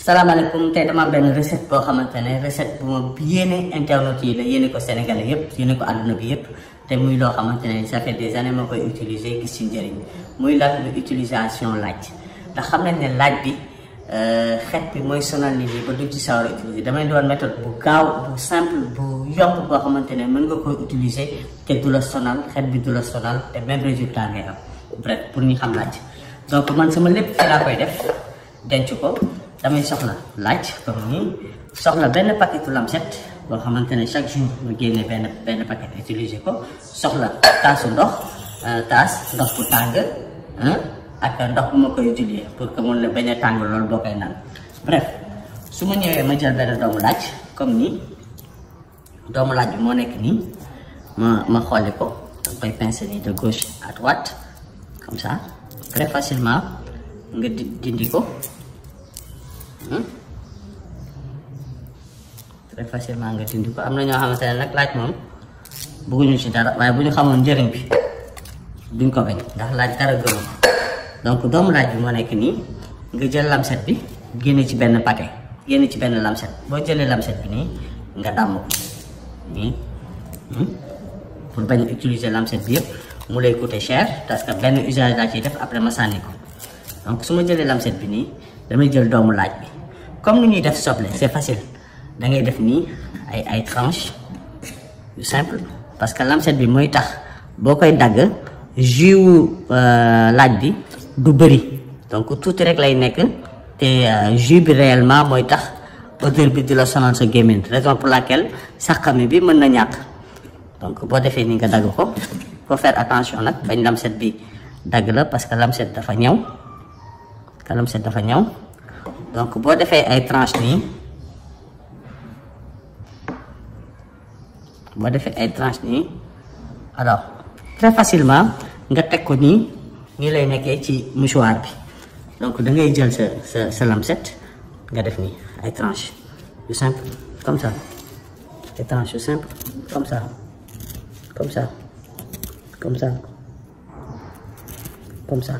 salaamaaleykum tey dama am benn recette boo xamante ne recette bu ma yéene internet yi la yéene ko Sénégalais yëpp yéene ko àdduna bi yëpp te muy loo xamante ne ça fait des années ma koy utiliser gis ci njëriñ muy laaj lu utilisation laaj ndax xam nañ ne laaj bi euh, xet bi mooy sonal nit ba duñ ci sawar a utiliser damay doon méthode bu gaaw bu simple bu yomb boo xamante ne mën nga koy utiliser te du la sonal xet bi du la sonal te même résultat ngay pour ñu xam laaj donc man sama lépp ko. damay soxla light comme nii soxla benn paquetu lamset boo xamante ne chaque jour mu génne benn benn paquet utiliser ko soxla tas ndox eh, tas ndox bu tàng eh, ak ndox bu ma koy utiliser pour que mun la bañ a tàng loolu boo bref su ma ñëwee ma jël benn doomu laaj comme nii doomu laaj bi moo nekk ma ma xooli ko koy pincer nii de gauche à droite comme ça très facilement nga dindi ko très facilement nga dindi ko am na ñoo xamante ne nag laaj moom bëgguñu ci dara waaye bu ñu xamoon njëriñ bi duñ ko bañ ndax laaj dara gëmu donc doomu laaj bi moo nekk ni nga jël lamset bi génne ci benn paquet génne ci benn lamset boo jëlee lamset bi nii nga dàmm ko nii pour bañ utiliser lamset bi yëpp mu lay coûter cher parce que benn usage laa ciy def après ma ko donc lamset bi damay jël doomu laaj bi comme ni ñuy def soble c'est facile da ngay def nii ay ay tranche yu simple parce que lamset bi mooy tax boo koy dagg jus wu euh, laaj bi du bëri donc tuuti rek lay nekk te euh, jus bi réellement mooy tax odeur bi di la sonal sa gémmiñ raison pour laquelle saqami bi mën na ñàkk donc boo defee ni nga dagg ko faut faire attention nag bañ lamset bi dagg la parce que lamset dafa ñëw kanam set dafa donc boo defee ay tranche nii boo defee ay tranche nii alors très facilement nga teg ko nii nii lay nekkee ci mouchoir bi donc da ngay jël sa sa sa lamset nga def nii ay tranche yu simple comme ça ay tranche yu simple comme ça comme ça comme ça comme ça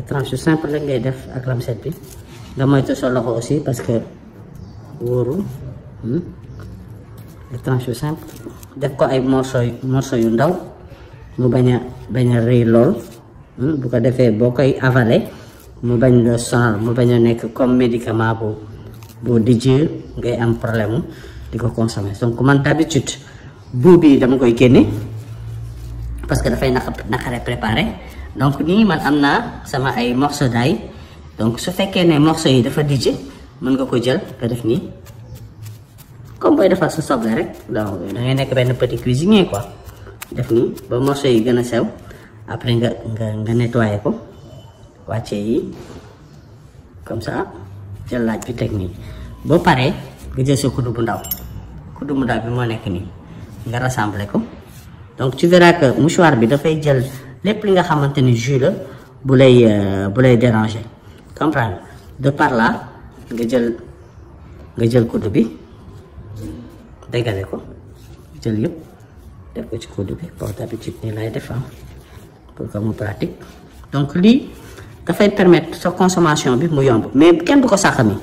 transition simple rek ngay def ak lamset bi nga moytu sa loxo aussi parce que wóorul transition simple def ko ay morceau morceau yu ndaw mu bañ a bañ a rëy lool bu ko defee boo koy avalé mu bañ la sonal mu bañ a nekk comme bu boo dijjee ngay am problème di ko consommer donc man d'habitude buub yi dama koy génne parce que donc nii man am naa sama ay morceau d'ail donc su fekkee ne morceau yi dafa dijj mën nga ko jël nga def nii comme booy defal sa soble rek donc da ngay nekk benn petit cuisinier quoi def nii ba morceau yi gën a sew après nga nga nga nettoyer ko wàcce yi comme ça jël laaj bi teg nii boo paree nga jël sa kuddu bu ndaw kuddu bu ndaw bi moo nekk nii nga rassembler ko donc tu verras que bi dafay jël. lépp li nga xamante ni jus la bu lay euh, bu lay déranger comprendre de par là nga jël nga jël kuddu bi dégale ko jël yëpp def ko ci kuddu bi comme d'habitude nii lay def ah, pour que mu pratique donc lii dafay permettre sa consommation bi mu yomb mais kenn du ko saxami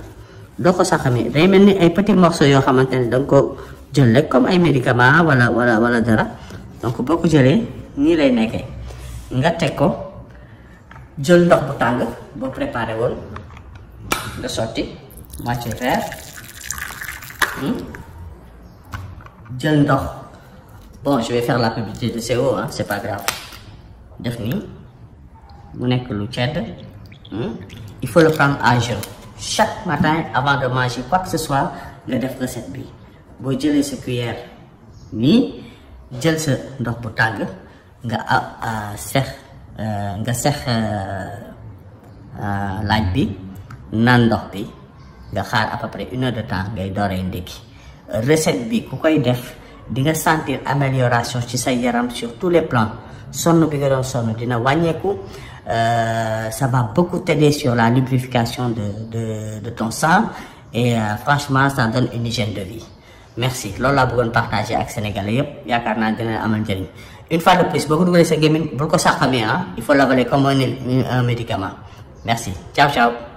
doo ko saxami day mel ni ay petits morceaux yoo xamante ne danga ko jël rek comme ay médicament wala wala wala dara donc boo ko jëlee nii lay nekkee nga teg ko jël ndox bu tàng boo préparé woon nga sotti moitié vert hmm, jël ndox bon je vais faire la publicité de ce CO ah hein, c'est pas grave def nii mu nekk lu cedd hmm, il faut le prendre à jeun chaque matin avant de manger quoi que ce soit nga def recette bi boo jëlee sa cuillère nii jël sa ndox bu tàng nga seex eh, nga seex eh, eh, laaj bi naan ndox bi nga xaar à peu près une heure de temps ngay dooree ndékki recette bi ku koy def di nga sentir amélioration ci sa yaram sur tous les plans sonn bi nga doon sonn dina wàññeeku ça va beaucoup t'aider sur la lubrification de de de ton sang et franchement ça donne une hygiène de vie merci loolu laa bëggoon partager ak sénégalais yëpp yaakaar naa dina amal njëriñ une fois de plus beaucoup de dugalee sa gémmiñ bul ça, il faut laver comme un médicament merci ciao ciao